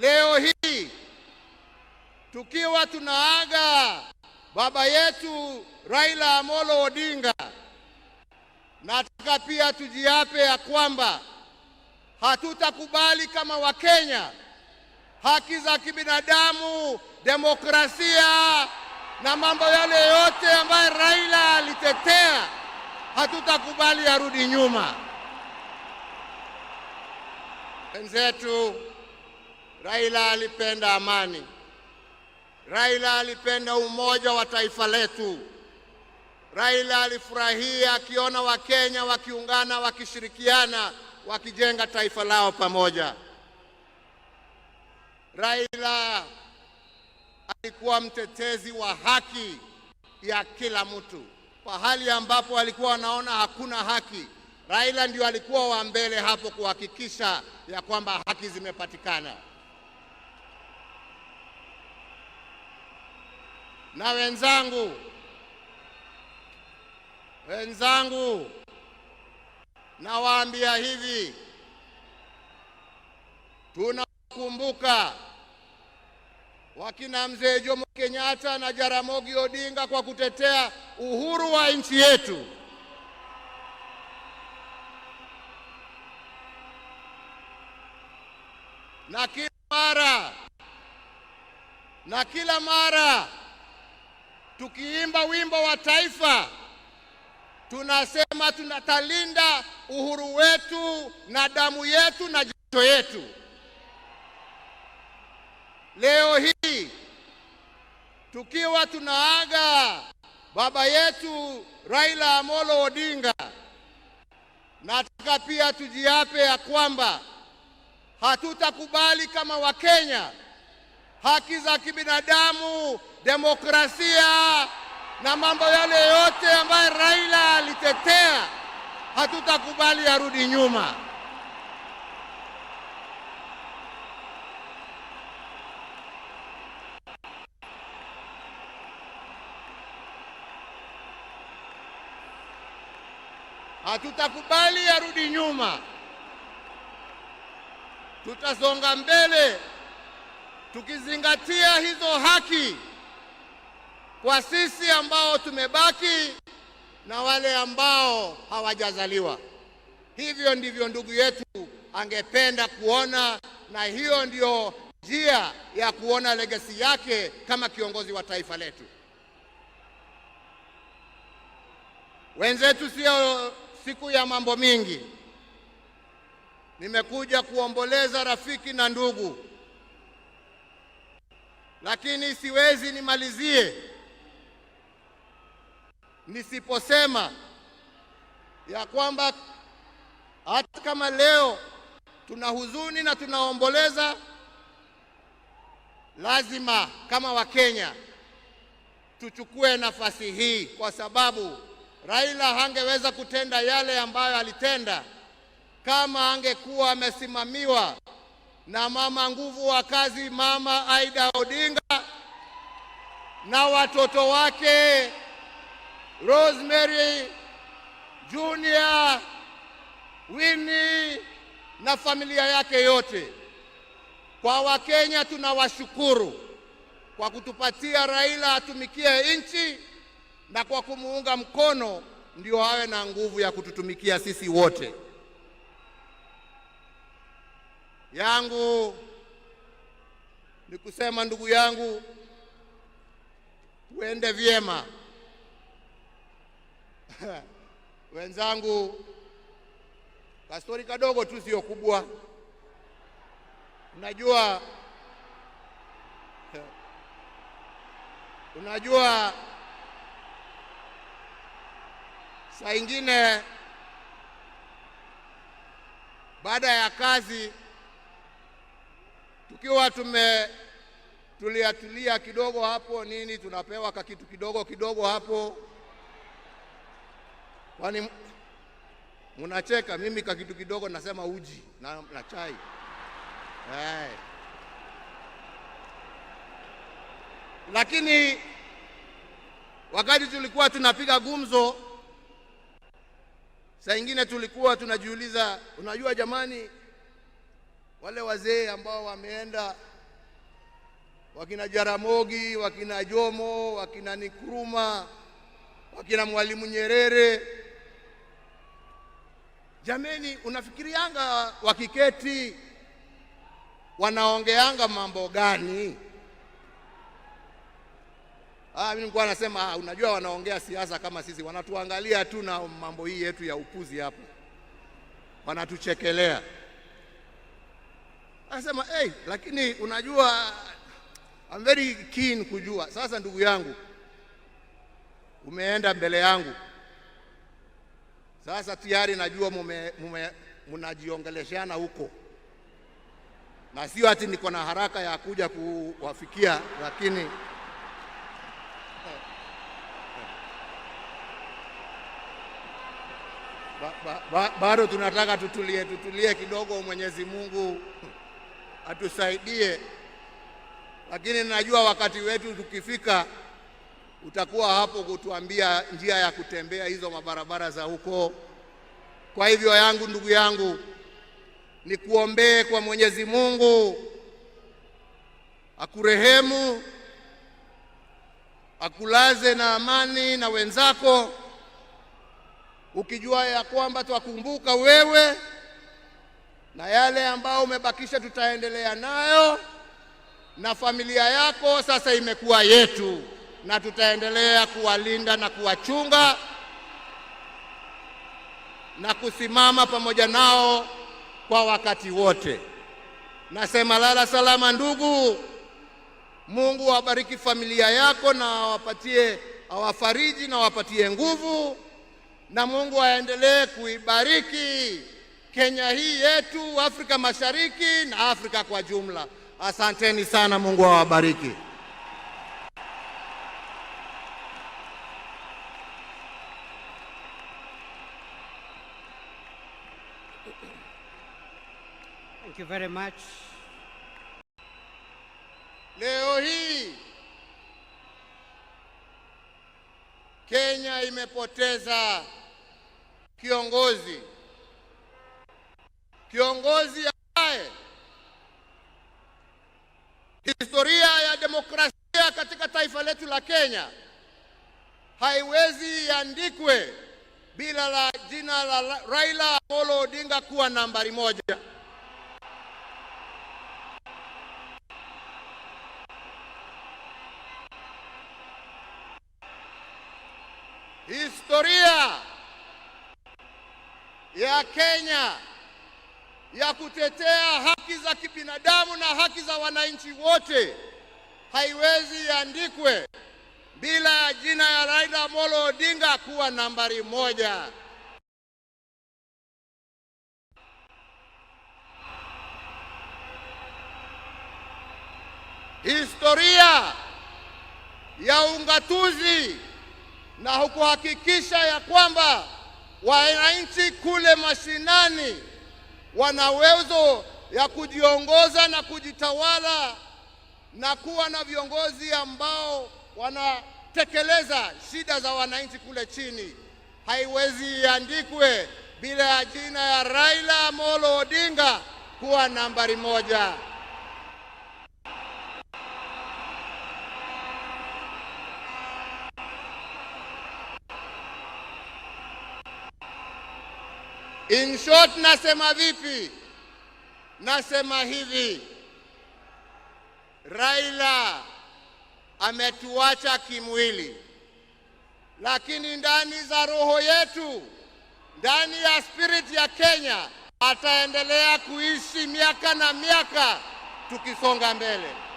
Leo hii tukiwa tunaaga baba yetu Raila Amolo Odinga, nataka pia tujiape ya kwamba hatutakubali kama Wakenya haki za kibinadamu, demokrasia na mambo yale yote ambayo Raila alitetea, hatutakubali arudi nyuma. Wenzetu Raila alipenda amani. Raila alipenda umoja wa taifa letu. Raila alifurahia akiona Wakenya wakiungana, wakishirikiana, wakijenga taifa lao pamoja. Raila alikuwa mtetezi wa haki ya kila mtu. Pahali ambapo alikuwa anaona hakuna haki, Raila ndio alikuwa wa mbele hapo kuhakikisha ya kwamba haki zimepatikana. na wenzangu wenzangu, nawaambia hivi, tunakumbuka wakina mzee Jomo Kenyatta na Jaramogi Odinga kwa kutetea uhuru wa nchi yetu. Na kila mara na kila mara Tukiimba wimbo wa taifa tunasema tunatalinda uhuru wetu na damu yetu na jicho yetu. Leo hii tukiwa tunaaga baba yetu Raila Amolo Odinga, nataka pia tujiape ya kwamba hatutakubali kama Wakenya haki za kibinadamu, demokrasia na mambo yale yote ambayo Raila alitetea, hatutakubali arudi nyuma. Hatutakubali arudi nyuma, tutasonga mbele. Tukizingatia hizo haki kwa sisi ambao tumebaki na wale ambao hawajazaliwa. Hivyo ndivyo ndugu yetu angependa kuona, na hiyo ndiyo njia ya kuona legacy yake kama kiongozi wa taifa letu. Wenzetu, sio siku ya mambo mingi. Nimekuja kuomboleza rafiki na ndugu lakini siwezi nimalizie nisiposema ya kwamba hata kama leo tuna huzuni na tunaomboleza, lazima kama Wakenya tuchukue nafasi hii, kwa sababu Raila hangeweza kutenda yale ambayo alitenda kama angekuwa amesimamiwa na mama nguvu wa kazi, mama Aida Odinga na watoto wake Rosemary Junior, Winnie na familia yake yote. Kwa Wakenya tunawashukuru kwa kutupatia Raila atumikie nchi na kwa kumuunga mkono ndio awe na nguvu ya kututumikia sisi wote yangu ni kusema, ndugu yangu, tuende vyema wenzangu. Kastori kadogo tu, sio kubwa. Unajua, unajua saa ingine baada ya kazi tukiwa tume tulia tulia kidogo hapo nini, tunapewa kakitu kidogo kidogo hapo. Kwani mnacheka? Mimi kakitu kidogo nasema uji na, na chai hey. Lakini wakati tulikuwa tunapiga gumzo, saa ingine tulikuwa tunajiuliza, unajua jamani wale wazee ambao wameenda wakina Jaramogi, wakina Jomo, wakina Nikruma, wakina Mwalimu Nyerere. Jameni, unafikirianga wakiketi wanaongeanga mambo gani? Ah, mimi nilikuwa nasema, ah, unajua wanaongea siasa kama sisi, wanatuangalia tu na mambo hii yetu ya upuzi hapa, wanatuchekelea. Anasema hey, lakini unajua I'm very keen kujua. Sasa ndugu yangu, umeenda mbele yangu, sasa tayari najua mnajiongeleshana huko, na sio ati niko na haraka ya kuja kuwafikia, lakini bado ba, ba, tunataka tutulie, tutulie kidogo. Mwenyezi Mungu atusaidie, lakini najua wakati wetu tukifika utakuwa hapo kutuambia njia ya kutembea hizo mabarabara za huko. Kwa hivyo yangu, ndugu yangu, nikuombee kwa Mwenyezi Mungu akurehemu, akulaze na amani na wenzako, ukijua ya kwamba twakumbuka wewe na yale ambayo umebakisha tutaendelea nayo, na familia yako sasa imekuwa yetu, na tutaendelea kuwalinda na kuwachunga na kusimama pamoja nao kwa wakati wote. Nasema lala salama ndugu. Mungu awabariki familia yako na awapatie, awafariji na awapatie nguvu, na Mungu aendelee kuibariki. Kenya hii yetu, Afrika Mashariki na Afrika kwa jumla. Asanteni sana, Mungu awabariki. Thank you very much. Leo hii Kenya imepoteza kiongozi kiongozi ambaye historia ya demokrasia katika taifa letu la Kenya haiwezi iandikwe bila la jina la Raila Amolo Odinga kuwa nambari moja. Historia ya Kenya ya kutetea haki za kibinadamu na haki za wananchi wote haiwezi iandikwe bila ya jina ya Raila Amolo Odinga kuwa nambari moja. Historia ya ungatuzi na hukuhakikisha ya kwamba wananchi kule mashinani wana uwezo ya kujiongoza na kujitawala na kuwa na viongozi ambao wanatekeleza shida za wananchi kule chini. Haiwezi iandikwe bila ya jina ya Raila Amolo Odinga kuwa nambari moja. In short, nasema vipi? Nasema hivi, Raila ametuacha kimwili, lakini ndani za roho yetu, ndani ya spirit ya Kenya, ataendelea kuishi miaka na miaka tukisonga mbele.